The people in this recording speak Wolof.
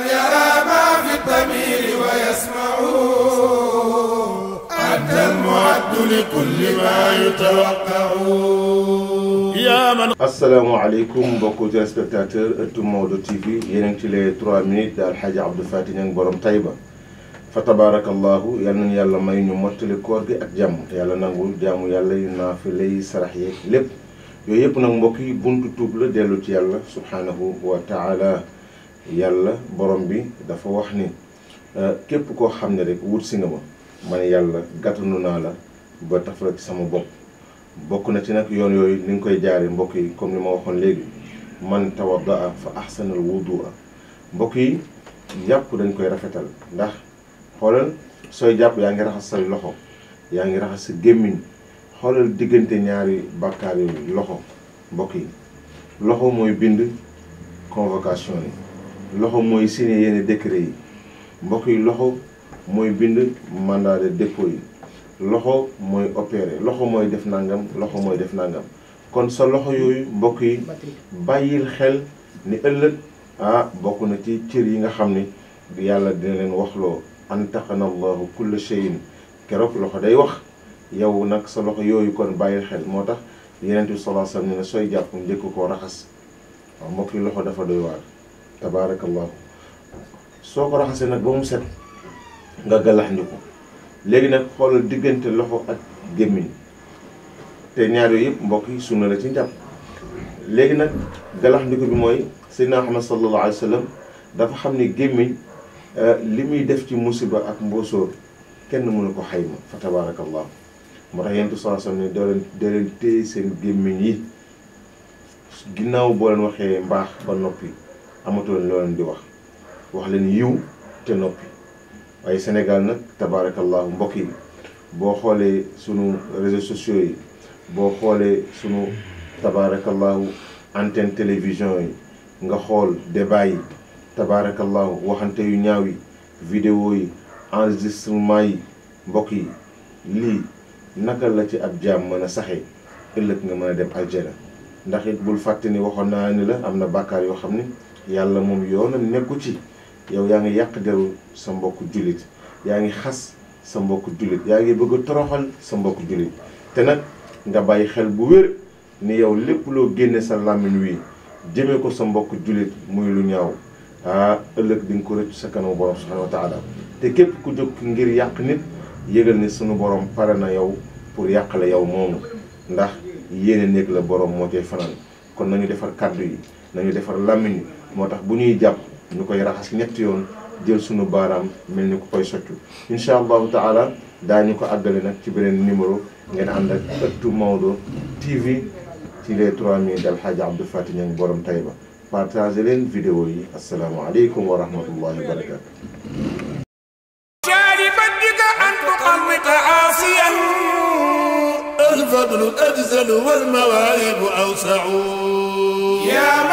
من يرى ما في الضمير ويسمع أنت المعد لكل ما يتوقع يا من السلام عليكم بكو تي سبيكتاتور تومودو تي في يرنتي لي 3 مينيت دار الحاج عبد الفاتح نك بروم تايبا فتبارك الله يالنا يالا ماي ني موتلي كور بي اك جام يالا نانغول جامو يالا ينافي لي سرح ييب يوي ييب نك مبوكي بونتو توب لا ديلو تي يالا سبحانه وتعالى yàlla borom bi dafa wax ni euh, képp koo xam ne rek wut si nga ma man yàlla gàttanu naa la ba taf ci sama bopp bokk na ci nag yoon yooyu ni ngi koy jaaree mbokk yi comme ni ma waxoon léegi man tawaddaa fa ahsanal wudua mbokk yi yàpp dañ koy rafetal ndax xoolal sooy jàpp yaa ngi raxas say loxo yaa ngi raxas si gémmiñ xoolal diggante ñaari bàkkaar yooyu loxo mbokk yi loxo mooy bind convocation yi loxo mooy signé yenn décret yi mbokk yi loxo mooy bind mandat de dépôt yi loxo mooy opéré loxo mooy def nangam loxo mooy def nangam kon sa loxo yooyu mbokk yi bàyyil xel ni ëllëg ah bokk na ci cër yi nga xam ni yàlla dina leen waxloo antaqana allahu kulla shay'in keroog loxo day wax yow nag sa loxo yooyu kon bàyyil xel moo tax yeneen bi sallallahu ne sooy jàpp njëkk koo raxas waaw mbokk yi loxo dafa doy waar tabaarakallaahu soo ko raxasee nag ba mu set nga galaxndiku léegi nag xoolal diggante loxo ak gémmiñ te ñaar yooyu yëpp mbokk yi sunna la ci njàpp léegi nag galaxndiku bi mooy sayyidina Muhammad sallallahu alayhi wa dafa xam ne gémmiñ def ci musiba ak mboosóor kenn mënu ko xayma fa tabaarakallaahu moo tax yentu saa sam ne doo leen doo seen gémmiñ yi ginnaaw boo leen waxee mbaax ba noppi amatoon loo leen di wax wax leen yiw te noppi waaye Sénégal nag tabaarakallahu mbokk yi boo xoolee sunu réseaux sociaux yi boo xoolee sunu tabaarakallahu antenne télévision yi nga xool débat yi tabaarakallahu waxante yu ñaaw yi vidéo yi enregistrement yi mbokk yi lii naka la ci ab jaam mën a saxee ëllëg nga mën a dem aljana ndax it bul fàtte ni waxoon naa ni la am na bàkkaar yoo xam ni yàlla moom yoonam nekku ci yow yaa ngi yàq deru sa mbokk jullit yaa ngi xas sa mbokk jullit yaa ngi bëgg a toroxal sa mbokk jullit te nag nga bàyyi xel bu wér ni yow lépp loo génne sa làmmiñ wi jëme ko sa mbokk jullit muy lu ñaaw ah ëllëg di nga ko rëccu sa kanamu borom subhanahu wa te képp ku jóg ngir yàq nit yëgal ni sunu borom pare na yow pour yàq la yow moomu ndax yéene néeg la borom moo cay fanaan kon nañu defar kàddu yi nañu defar làmmiñ moo tax bu ñuy jàpp ñu koy raxas ñetti yoon jël sunu baaraam mel ni ku koy soccu incha allahu taala ñu ko àggale nag ci beneen numéro ngeen ànd ak ëttu Maodo TV ci les 3000 del Hadj Abdou Faty Niang borom Taïba partagé leen yi asalaamaaleykum wa rahmatullahi wa barakatu